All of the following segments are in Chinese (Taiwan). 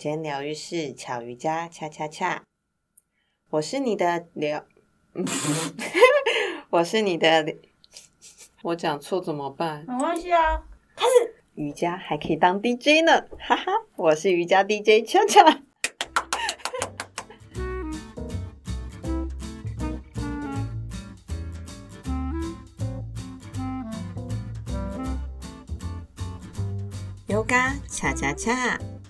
友間聊癒室巧瑜伽恰恰恰，我是你的療， 我是你的，我講錯怎麼辦？沒關係啊，他是瑜伽還可以當 DJ 呢，哈哈，我是瑜伽 DJ 恰恰。瑜伽恰恰恰。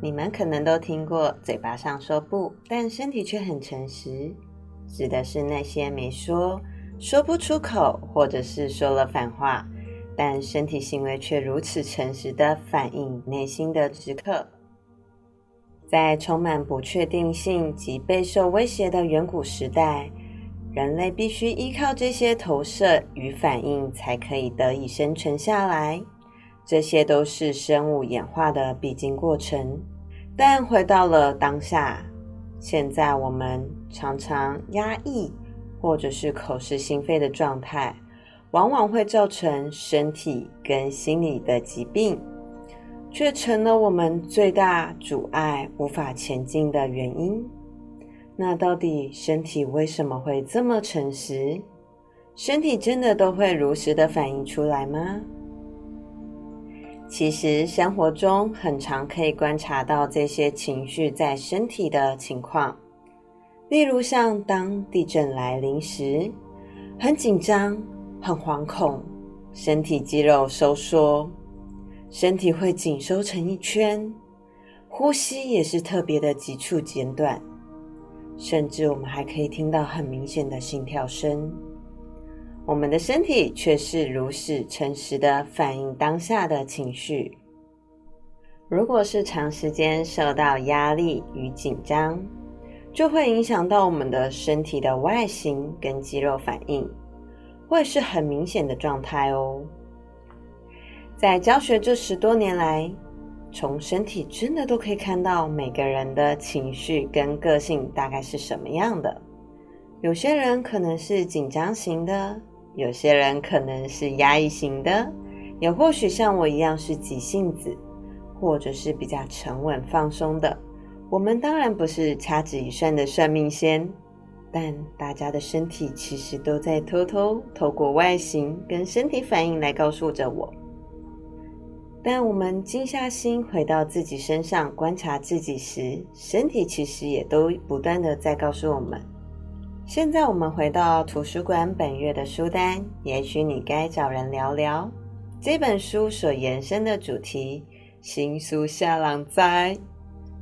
你們可能都聽過“嘴巴上說不，但身體卻很誠實”，指的是那些沒說、說不出口，或者是說了反話，但身體行為卻如此誠實的反映內心的時刻。在充滿不確定性及備受威脅的遠古時代，人類必須依靠這些投射與反應，才可以得以生存下來。這些都是生物演化的必經過程，但回到了當下，現在我們常常壓抑或者是口是心非的狀態，往往會造成身體跟心理的疾病，卻成了我們最大阻礙無法前進的原因。那到底身體為什麼會這麼誠實？身體真的都會如實的反映出來嗎？其實生活中很常可以觀察到這些情緒在身體的情況，例如像當地震來臨時，很緊張、很惶恐，身體肌肉收縮，身體會緊收成一圈，呼吸也是特別的急促、簡短，甚至我們還可以聽到很明顯的心跳聲。我們的身體卻是如此誠實的反映當下的情緒。如果是長時間受到壓力與緊張，就會影響到我們的身體的外形跟肌肉反應，會是很明顯的狀態哦。在教學這十多年來，從身體真的都可以看到每個人的情緒跟個性大概是什麼樣的。有些人可能是緊張型的。有些人可能是壓抑型的，也或許像我一樣是急性子，或者是比較沉穩放鬆的。我們當然不是掐指一算的算命仙，但大家的身體其實都在偷偷透過外形跟身體反應來告訴着我。當我們靜下心回到自己身上觀察自己時，身體其實也都不斷的在告訴我們。現在我們回到圖書館本月的書單，也許你該找人聊聊這本書所延伸的主題——心事誰人知。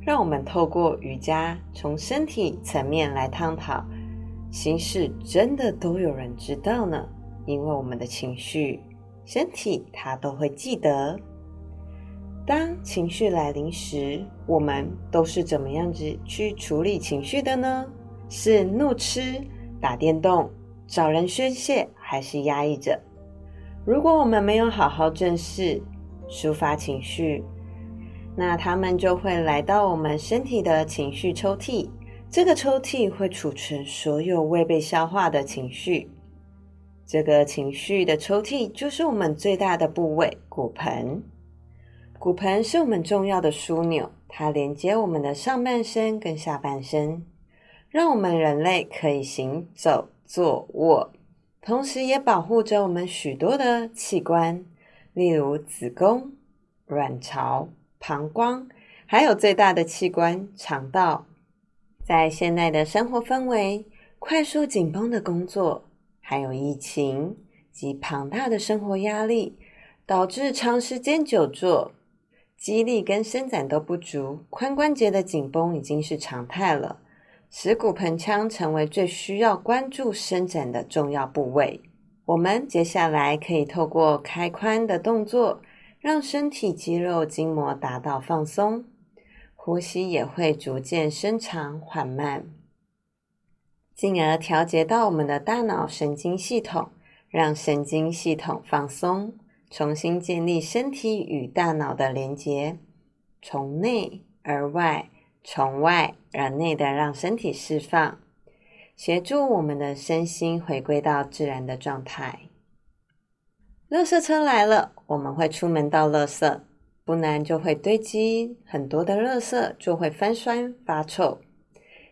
讓我們透過瑜伽，從身體層面來探討：心事真的都有人知道呢？因為我們的情緒、身體，它都會記得。當情緒來臨時，我們都是怎麼樣子去處理情緒的呢？是怒吃、打電動、找人宣洩，還是壓抑着？如果我們沒有好好正視、抒發情緒，那它們就會來到我們身體的情緒抽屜。這個抽屜會儲存所有未被消化的情緒。這個情緒的抽屜就是我們最大的部位——骨盆。骨盆是我們重要的樞紐，它連接我們的上半身跟下半身。讓我們人類可以行走、坐臥，同時也保護着我們許多的器官，例如子宮、卵巢、膀胱，還有最大的器官腸道。在現代的生活氛圍，快速緊繃的工作，還有疫情及龐大的生活壓力，導致長時間久坐，肌力跟伸展都不足，髖關節的緊繃已經是常態了。恥骨盆腔成為最需要關注伸展的重要部位。我們接下來可以透過開髖的動作，讓身體肌肉筋膜達到放鬆，呼吸也會逐漸伸長緩慢，進而調節到我們的大腦神經系統，讓神經系統放鬆，重新建立身體與大腦的連接，從內而外。從外而內的讓身體釋放，協助我們的身心回歸到自然的狀態。垃圾車來了，我們會出門倒垃圾，不然就會堆積很多的垃圾，就會發酸發臭。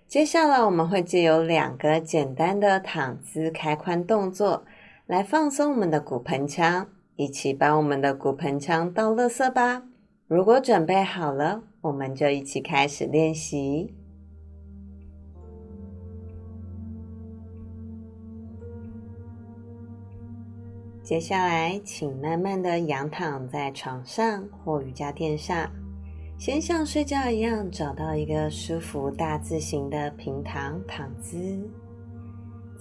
接下來我們會借由兩個簡單的躺姿開髖動作，來放鬆我們的骨盆腔，一起把我們的骨盆腔倒垃圾吧。如果準備好了。我們就一起開始練習。接下來，請慢慢的仰躺在床上或瑜伽墊上，先像睡覺一樣找到一個舒服大字形的平躺躺姿。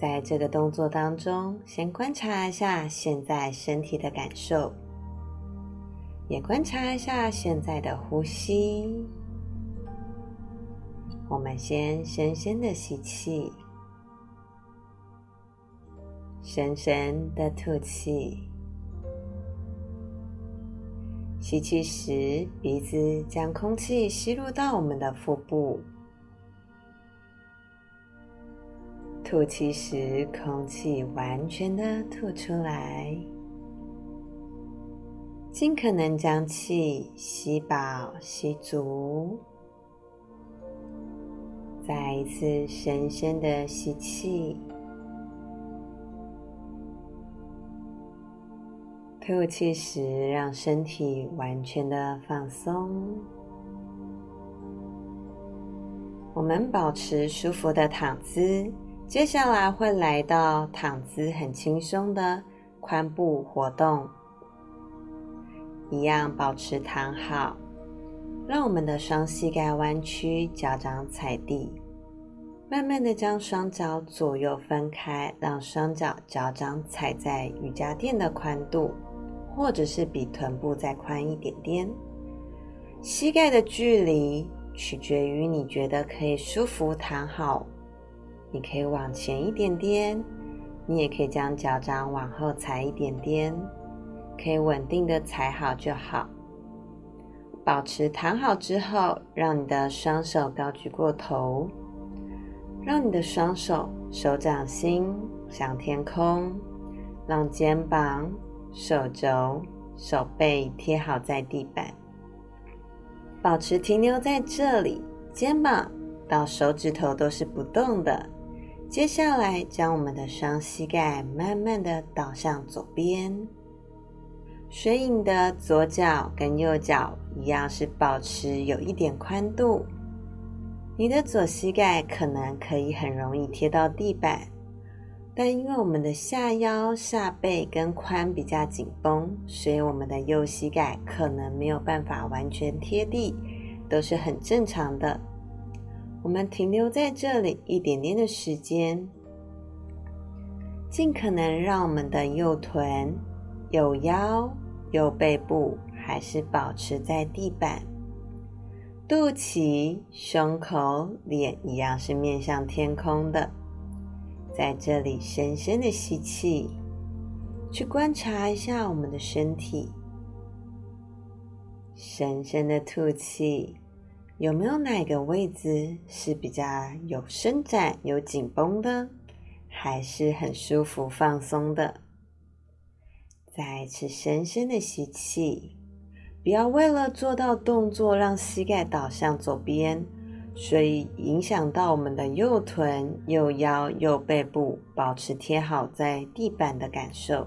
在這個動作當中，先觀察一下現在身體的感受。也觀察一下現在的呼吸。我們先深深的吸氣，深深的吐氣。吸氣時，鼻子將空氣吸入到我們的腹部；吐氣時，空氣完全的吐出來。盡可能將氣吸飽吸足，再一次深深的吸氣，吐氣時讓身體完全的放鬆。我們保持舒服的躺姿，接下來會來到躺姿很輕鬆的髖部活動。一樣保持躺好，讓我們的雙膝蓋彎曲，腳掌踩地，慢慢的將雙腳左右分開，讓雙腳腳掌踩在瑜伽墊的寬度，或者是比臀部再寬一點點。膝蓋的距離取決於你覺得可以舒服躺好，你可以往前一點點，你也可以將腳掌往後踩一點點。可以穩定的踩好就好，保持躺好之後，讓你的雙手高舉過頭，讓你的雙手手掌心向天空，讓肩膀、手肘、手背貼好在地板，保持停留在這裡，肩膀到手指頭都是不動的。接下來，將我們的雙膝蓋慢慢的倒向左邊。所以你的左腳跟右腳一樣是保持有一點寬度，你的左膝蓋可能可以很容易貼到地板，但因為我們的下腰、下背跟髖比較緊繃，所以我們的右膝蓋可能沒有辦法完全貼地，都是很正常的。我們停留在這裡一點點的時間，盡可能讓我們的右臀、右腰，右背部還是保持在地板，肚臍、胸口、臉一樣是面向天空的。在這裡，深深的吸氣，去觀察一下我們的身體。深深的吐氣，有沒有哪個位置是比較有伸展、有緊繃的，還是很舒服、放鬆的？再次深深的吸氣，不要為了做到動作讓膝蓋倒向左邊，所以影響到我們的右臀、右腰、右背部，保持貼好在地板的感受。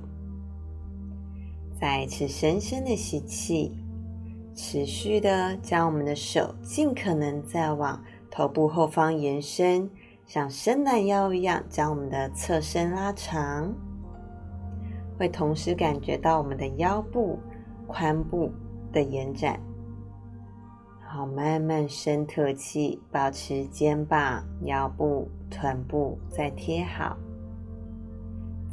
再次深深的吸氣，持續的將我們的手盡可能再往頭部後方延伸，像伸懶腰一樣，將我們的側身拉長。會同時感覺到我們的腰部、髖部的延展，好，慢慢深吐氣，保持肩膀、腰部、臀部再貼好。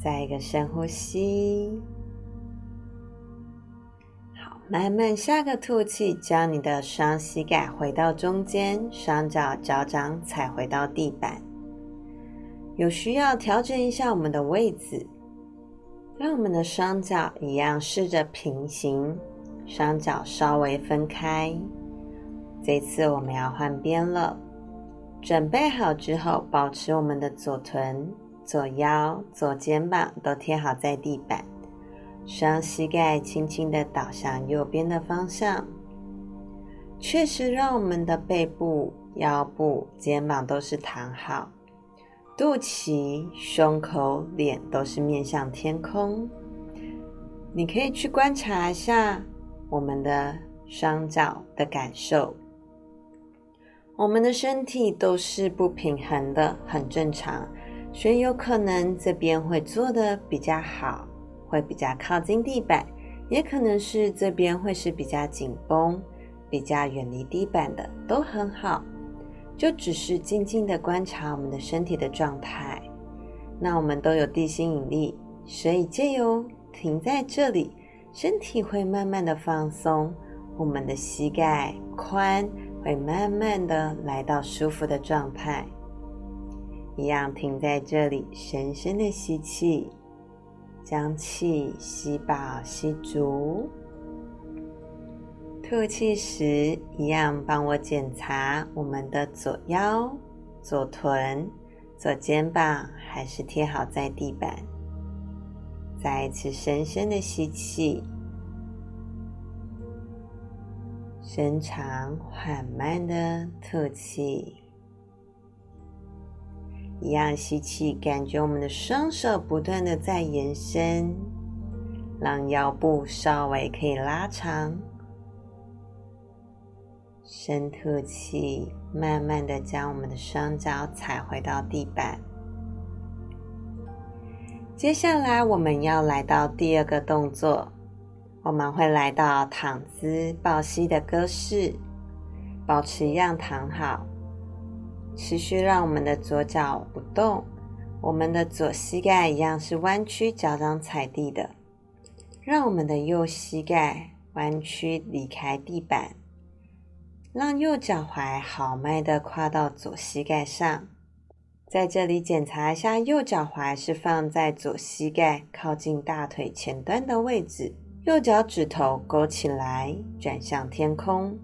再一個深呼吸，好，慢慢下個吐氣，將你的雙膝蓋回到中間，雙腳腳掌踩回到地板。有需要調整一下我們的位置。讓我們的雙腳一樣試着平行，雙腳稍微分開。這次我們要換邊了。準備好之後，保持我們的左臀、左腰、左肩膀都貼好在地板，雙膝蓋輕輕的倒向右邊的方向，確實讓我們的背部、腰部、肩膀都是躺好。肚臍、胸口、臉都是面向天空。你可以去觀察一下我們的雙腳的感受。我們的身體都是不平衡的，很正常，所以有可能這邊會做的比較好，會比較靠近地板，也可能是這邊會是比較緊繃、比較遠離地板的，都很好。就只是靜靜的觀察我們的身體的狀態。那我們都有地心引力，所以加油！停在這裡，身體會慢慢的放鬆，我們的膝蓋寬會慢慢的來到舒服的狀態。一樣停在這裡，深深的吸氣，將氣吸飽吸足。吐氣時，一樣幫我檢查我們的左腰、左臀、左肩膀，還是貼好在地板。再一次深深的吸氣，伸長緩慢的吐氣。一樣吸氣，感覺我們的雙手不斷的在延伸，讓腰部稍微可以拉長。深吐氣，慢慢的將我們的雙腳踩回到地板。接下來，我們要來到第二個動作，我們會來到躺姿抱膝的姿勢，保持一樣躺好，持續讓我們的左腳不動，我們的左膝蓋一樣是彎曲，腳掌踩地的，讓我們的右膝蓋彎曲離開地板。讓右腳踝豪邁的跨到左膝蓋上，在這裡檢查一下，右腳踝是放在左膝蓋靠近大腿前端的位置，右腳趾頭勾起來，轉向天空，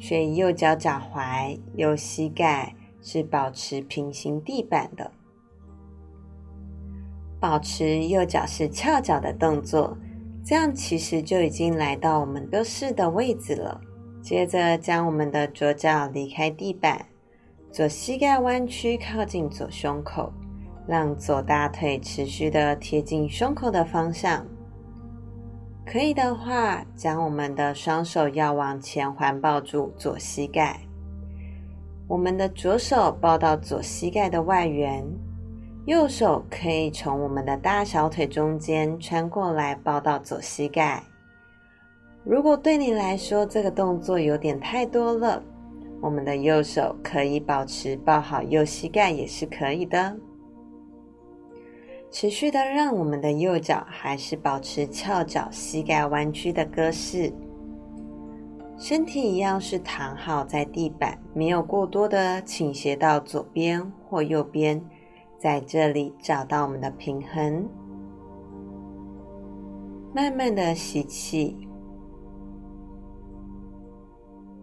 所以右腳腳踝、右膝蓋是保持平行地板的，保持右腳是翹腳的動作，這樣其實就已經來到我們優勢的位置了。接着將我們的左腳離開地板，左膝蓋彎曲靠近左胸口，讓左大腿持續的貼近胸口的方向。可以的話，將我們的雙手要往前環抱住左膝蓋，我們的左手抱到左膝蓋的外緣，右手可以從我們的大小腿中間穿過來抱到左膝蓋。如果對你來說這個動作有點太多了，我們的右手可以保持抱好右膝蓋也是可以的。持續的讓我們的右腳還是保持翹腳、膝蓋彎曲的姿勢，身體一樣是躺好在地板，沒有過多的傾斜到左邊或右邊，在這裡找到我們的平衡，慢慢的吸氣。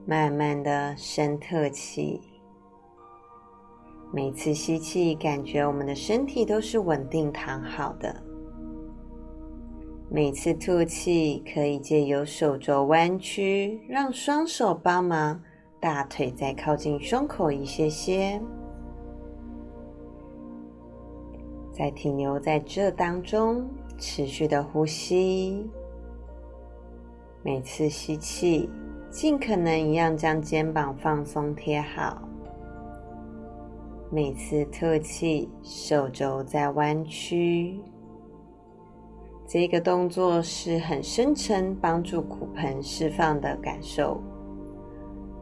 慢慢的深吐氣，每次吸氣，感覺我們的身體都是穩定躺好的。每次吐氣，可以借由手肘彎曲，讓雙手幫忙大腿再靠近胸口一些些，再停留在這當中，持續的呼吸。每次吸氣。盡可能一樣，將肩膀放鬆貼好。每次吐氣，手肘再彎曲。這個動作是很深層，幫助骨盆釋放的感受。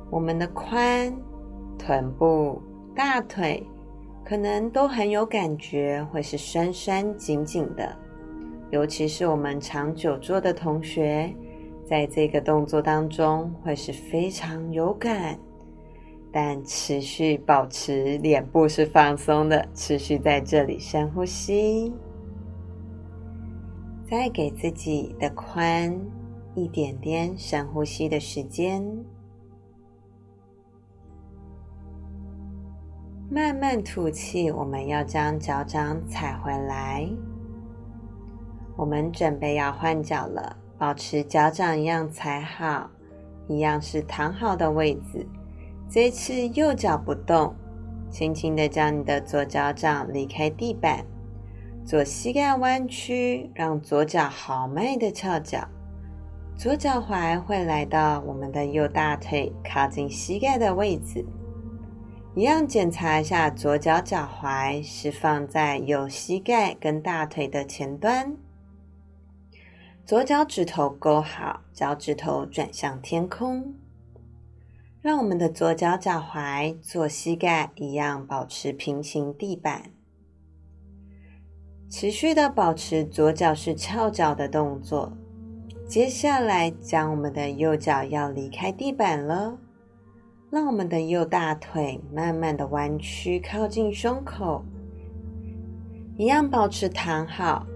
我們的髖、臀部、大腿可能都很有感覺，會是酸酸、緊緊的，尤其是我們長久坐的同學。在這個動作當中會是非常有感，但持續保持臉部是放鬆的，持續在這裡深呼吸，再給自己的髖一點點深呼吸的時間，慢慢吐氣。我們要將腳掌踩回來，我們準備要換腳了。保持腳掌一樣踩好，一樣是躺好的位置。這一次右腳不動，輕輕的將你的左腳掌離開地板，左膝蓋彎曲，讓左腳豪邁的翹腳，左腳踝會來到我們的右大腿靠近膝蓋的位置。一樣檢查一下左腳腳踝是放在右膝蓋跟大腿的前端。左腳趾頭勾好，腳趾頭轉向天空，讓我們的左腳腳踝、左膝蓋一樣保持平行地板，持續的保持左腳是翹腳的動作。接下來，將我們的右腳要離開地板了，讓我們的右大腿慢慢的彎曲靠近胸口，一樣保持躺好。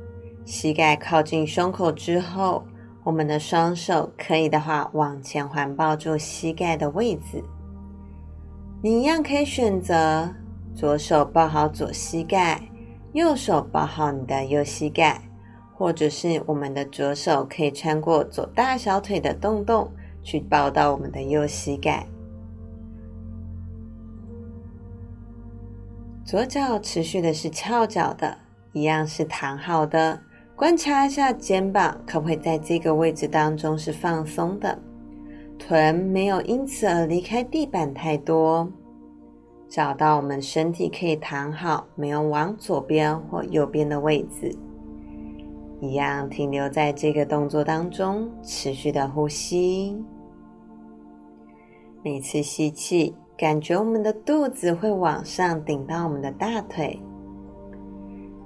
膝蓋靠近胸口之後，我們的雙手可以的話，往前環抱住膝蓋的位置。你一樣可以選擇左手抱好左膝蓋，右手抱好你的右膝蓋，或者是我們的左手可以穿過左大小腿的洞洞去抱到我們的右膝蓋。左腳持續的是翹腳的，一樣是躺好的。觀察一下肩膀可不可以在這個位置當中是放鬆的，臀沒有因此而離開地板太多，找到我們身體可以躺好，沒有往左邊或右邊的位置，一樣停留在這個動作當中，持續的呼吸，每次吸氣，感覺我們的肚子會往上頂到我們的大腿。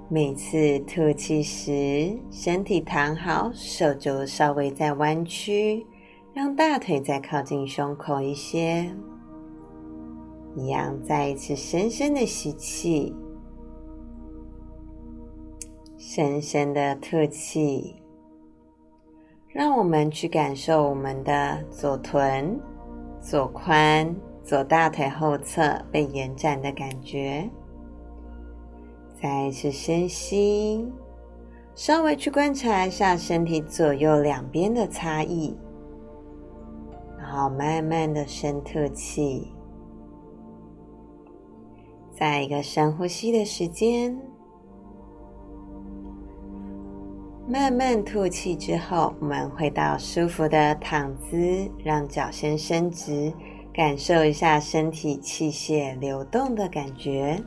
每次吐氣時，身體躺好，手肘稍微再彎曲，讓大腿再靠近胸口一些。一樣，再一次深深的吸氣，深深的吐氣。讓我們去感受我們的左臀、左髖、左大腿後側被延展的感覺。再一次深吸，稍微去觀察一下身體左右兩邊的差異，然後慢慢的深吐氣。在一個深呼吸的時間，慢慢吐氣之後，我們回到舒服的躺姿，讓腳先伸直，感受一下身體氣血流動的感覺。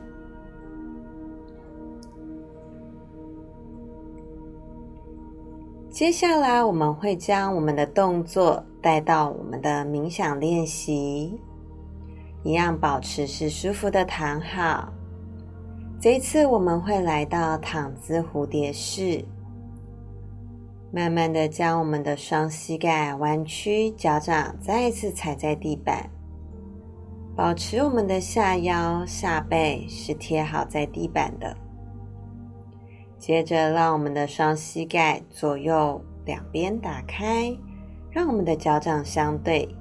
接下來，我們會將我們的動作帶到我們的冥想練習，一樣保持是舒服的躺好。這一次，我們會來到躺姿蝴蝶式，慢慢的將我們的雙膝蓋彎曲，腳掌再一次踩在地板，保持我們的下腰、下背是貼好在地板的。接着，讓我們的雙膝蓋左右兩邊打開，讓我們的腳掌相對，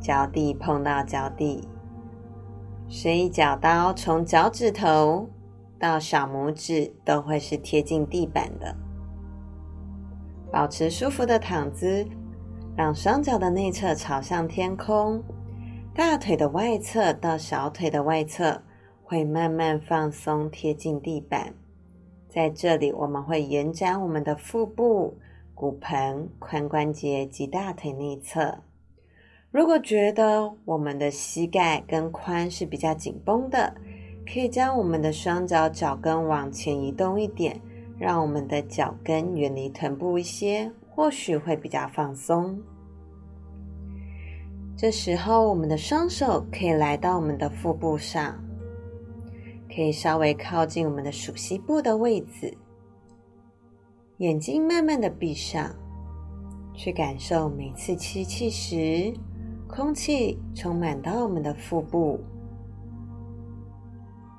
腳底碰到腳底，所以腳刀從腳趾頭到小拇指都會是貼近地板的。保持舒服的躺姿，讓雙腳的內側朝向天空，大腿的外側到小腿的外側會慢慢放鬆貼近地板。在這裡，我們會延展我們的腹部、骨盆、髖關節及大腿內側。如果覺得我們的膝蓋跟髖是比較緊繃的，可以將我們的雙腳腳跟往前移動一點，讓我們的腳跟遠離臀部一些，或許會比較放鬆。這時候，我們的雙手可以來到我們的腹部上。可以稍微靠近我們的鼠蹊部的位置，眼睛慢慢的閉上，去感受每次吸氣時，空氣充滿到我們的腹部；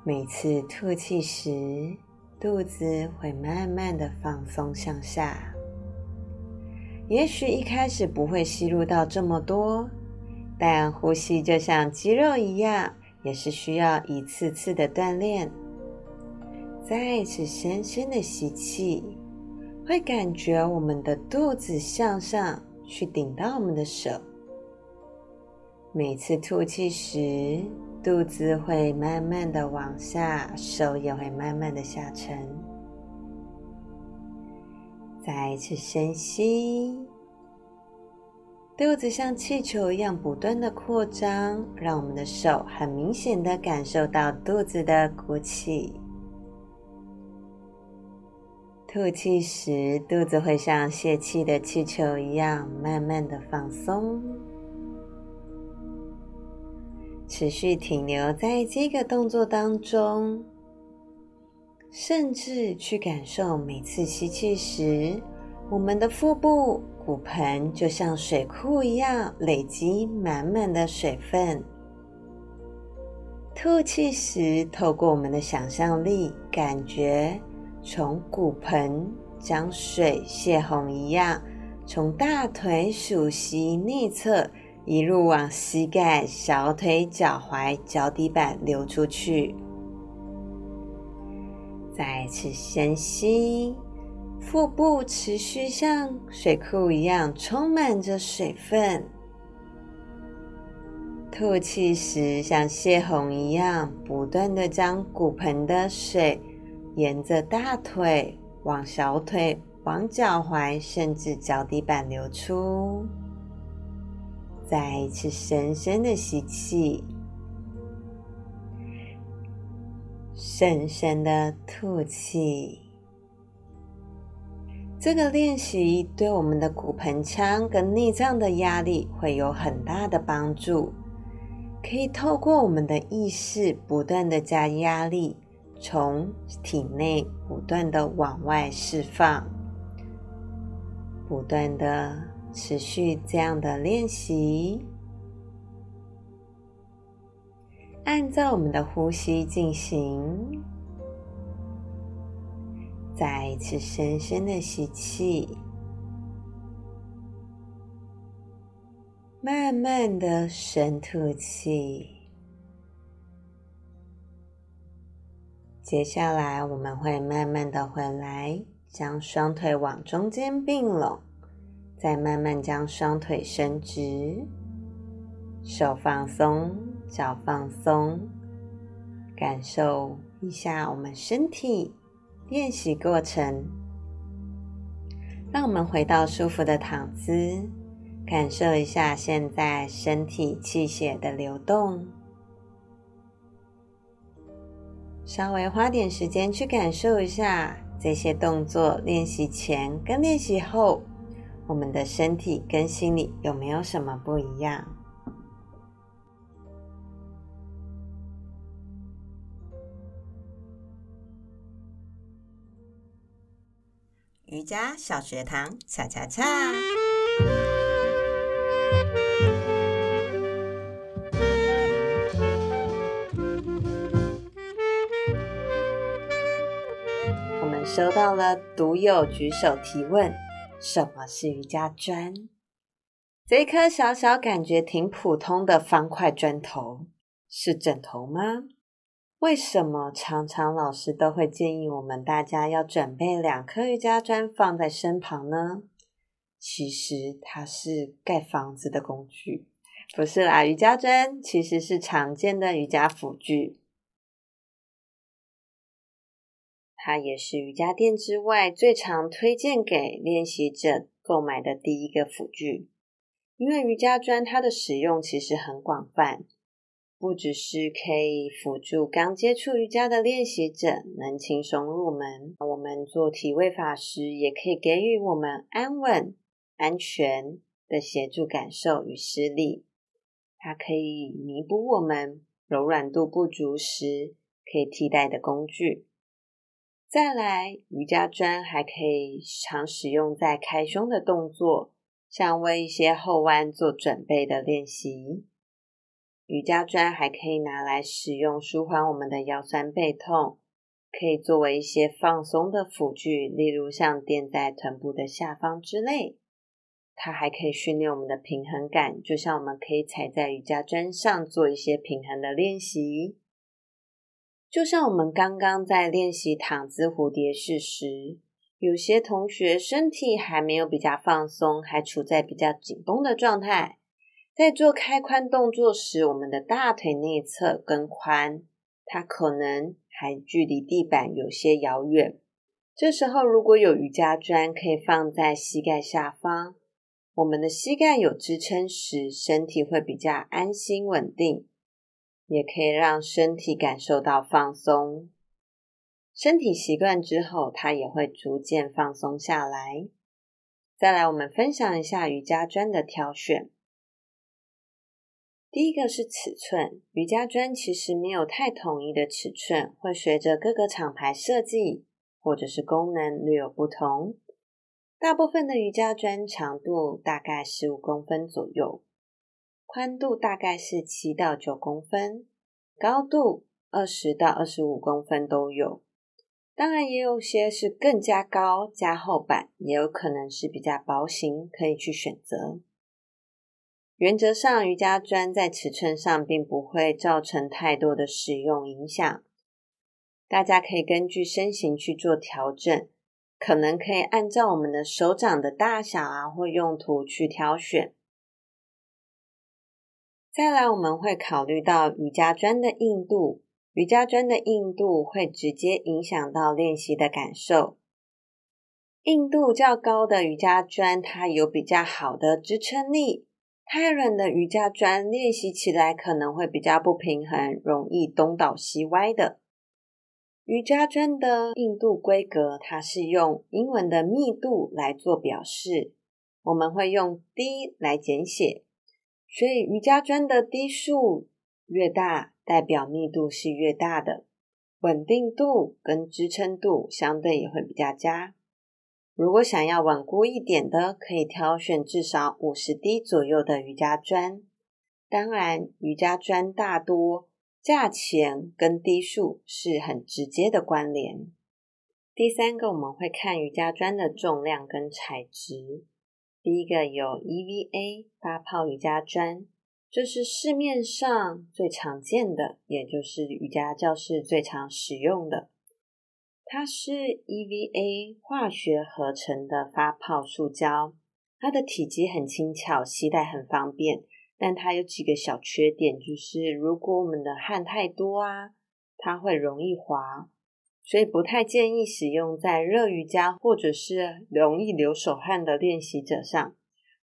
每次吐氣時，肚子會慢慢的放鬆向下。也許一開始不會吸入到這麼多，但呼吸就像肌肉一樣。也是需要一次次的鍛鍊。再一次深深的吸氣，會感覺我們的肚子向上去頂到我們的手。每次吐氣時，肚子會慢慢的往下，手也會慢慢的下沉。再一次深吸。肚子像氣球一樣不斷的擴張，讓我們的手很明顯的感受到肚子的鼓起。吐氣時，肚子會像洩氣的氣球一樣慢慢的放鬆。持續停留在這個動作當中，甚至去感受每次吸氣時，我們的腹部。骨盆就像水庫一樣，累積滿滿的水分。吐氣時，透過我們的想象力，感覺從骨盆將水泄洪一樣，從大腿鼠蹊內側一路往膝蓋、小腿、腳踝、腳底板流出去。再次深吸。腹部持續像水庫一樣充滿着水分，吐氣時像泄洪一樣，不斷的將骨盆的水沿着大腿往小腿、往腳踝，甚至腳底板流出。再一次深深的吸氣，深深的吐氣。這個練習對我們的骨盆腔跟內臟的壓力會有很大的幫助，可以透過我們的意識不斷的加壓力，從體內不斷的往外釋放，不斷的持續這樣的練習，按照我們的呼吸進行。再一次深深的吸氣，慢慢的深吐氣。接下來我們會慢慢的回來，將雙腿往中間併攏，再慢慢將雙腿伸直，手放鬆，腳放鬆，感受一下我們身體。練習過程，讓我們回到舒服的躺姿，感受一下現在身體氣血的流動。稍微花點時間去感受一下這些動作練習前跟練習後，我們的身體跟心理有沒有什麼不一樣？瑜伽小學堂，恰恰恰！我們收到了讀友舉手提問：什麼是瑜伽磚？這一顆小小、感覺挺普通的方塊磚頭，是枕頭嗎？為什麼常常老師都會建議我們大家要準備兩顆瑜伽磚放在身旁呢？其實它是蓋房子的工具，不是啦。瑜伽磚其實是常見的瑜伽輔具，它也是瑜伽墊之外最常推薦給練習者購買的第一個輔具，因為瑜伽磚它的使用其實很廣泛。不只是可以輔助剛接觸瑜伽的練習者能輕鬆入門，我們做體位法時也可以給予我們安穩、安全的協助感受與施力。它可以彌補我們柔軟度不足時可以替代的工具。再來，瑜伽磚還可以常使用在開胸的動作，像為一些後彎做準備的練習。瑜伽磚還可以拿來使用，舒緩我們的腰痠背痛，可以作為一些放鬆的輔具，例如像墊在臀部的下方之類。它還可以訓練我們的平衡感，就像我們可以踩在瑜伽磚上做一些平衡的練習。就像我們剛剛在練習躺姿蝴蝶式時，有些同學身體還沒有比較放鬆，還處在比較緊繃的狀態。在做開髖動作時，我們的大腿內側跟髖，它可能還距離地板有些遙遠。這時候，如果有瑜伽磚可以放在膝蓋下方，我們的膝蓋有支撐時，身體會比較安心穩定，也可以讓身體感受到放鬆。身體習慣之後，它也會逐漸放鬆下來。再來，我們分享一下瑜伽磚的挑選。第一個是尺寸。瑜伽磚其實沒有太統一的尺寸，會隨着各個廠牌設計或者是功能略有不同。大部分的瑜伽磚長度大概十五公分左右，寬度大概是七到九公分，高度二十到二十五公分都有。當然也有些是更加高加厚版，也有可能是比較薄型，可以去選擇。原則上，瑜伽磚在尺寸上並不會造成太多的使用影響，大家可以根據身形去做調整，可能可以按照我們的手掌的大小啊或用途去挑選。再來，我們會考慮到瑜伽磚的硬度，瑜伽磚的硬度會直接影響到練習的感受。硬度較高的瑜伽磚，它有比較好的支撐力。太軟的瑜伽磚練習起來可能會比較不平衡，容易東倒西歪的。瑜伽磚的硬度規格，它是用英文的密度來做表示，我們會用 D 來簡寫。所以瑜伽磚的 D 數越大，代表密度是越大的，穩定度跟支撐度相對也會比較佳。如果想要穩固一點的，可以挑選至少五十滴左右的瑜伽磚。當然，瑜伽磚大多價錢跟滴數是很直接的關聯。第三個，我們會看瑜伽磚的重量跟材質。第一個有 EVA 發泡瑜伽磚，這、就是市面上最常見的，也就是瑜伽教室最常使用的。它是 EVA 化學合成的發泡塑膠，它的體積很輕巧，攜帶很方便。但它有幾個小缺點，就是如果我們的汗太多啊，它會容易滑，所以不太建議使用在熱瑜伽或者是容易流手汗的練習者上。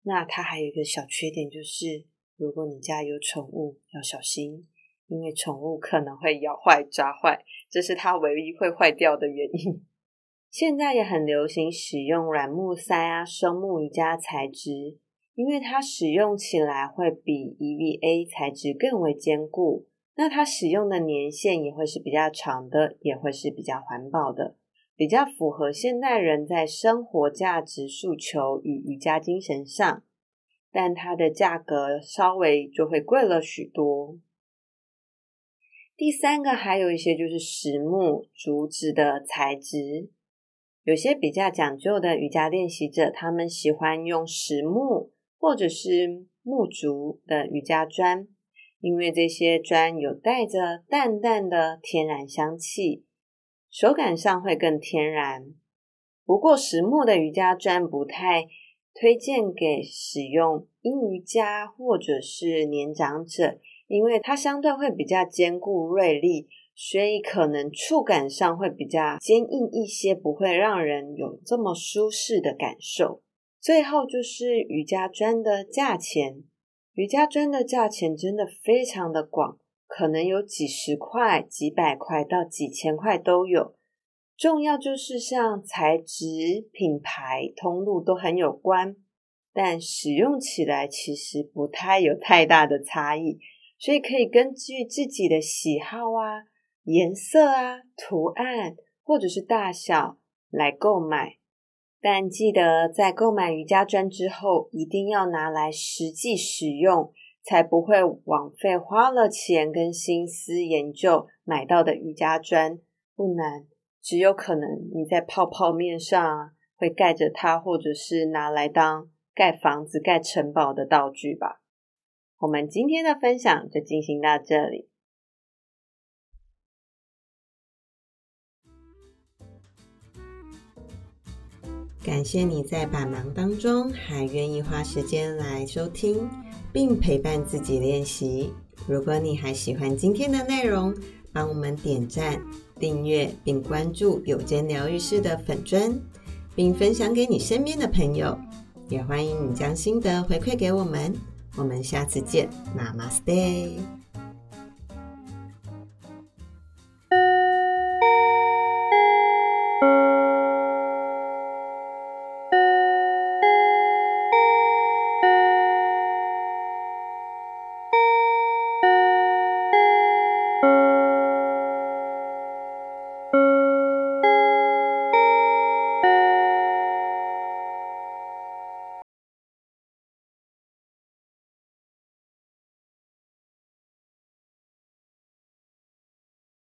那它還有一個小缺點，就是如果你家有寵物，要小心。因為寵物可能會咬壞、抓壞，這是它唯一會壞掉的原因。 現在也很流行使用軟木塞啊、松木瑜伽材質，因為它使用起來會比 EVA 材質更為堅固，那它使用的年限也會是比較長的，也會是比較環保的，比較符合現代人在生活價值訴求與瑜伽精神上。但它的價格稍微就會貴了許多。第三個還有一些就是實木、竹子的材質，有些比較講究的瑜伽練習者，他們喜歡用實木或者是木竹的瑜伽磚，因為這些磚有帶着淡淡的天然香氣，手感上會更天然。不過實木的瑜伽磚不太推薦給使用陰瑜伽或者是年長者。因為它相對會比較堅固銳利，所以可能觸感上會比較堅硬一些，不會讓人有這麼舒適的感受。最後就是瑜伽磚的價錢，瑜伽磚的價錢真的非常的廣，可能有幾十塊、幾百塊到幾千塊都有。重要就是像材質、品牌、通路都很有關，但使用起來其實不太有太大的差異。所以可以根據自己的喜好啊、顏色啊、圖案或者是大小來購買，但記得在購買瑜伽磚之後，一定要拿來實際使用，才不會枉費花了錢跟心思研究買到的瑜伽磚。不難，只有可能你在泡泡麵上啊，會蓋着它，或者是拿來當蓋房子、蓋城堡的道具吧。我們今天的分享就進行到這裡。感謝你在百忙當中還願意花時間來收聽，並陪伴自己練習。如果你還喜歡今天的內容，幫我們點讚、訂閱並關注友間聊癒室的粉專，並分享給你身邊的朋友。也歡迎你將心得回饋給我們。我們下次見，Namaste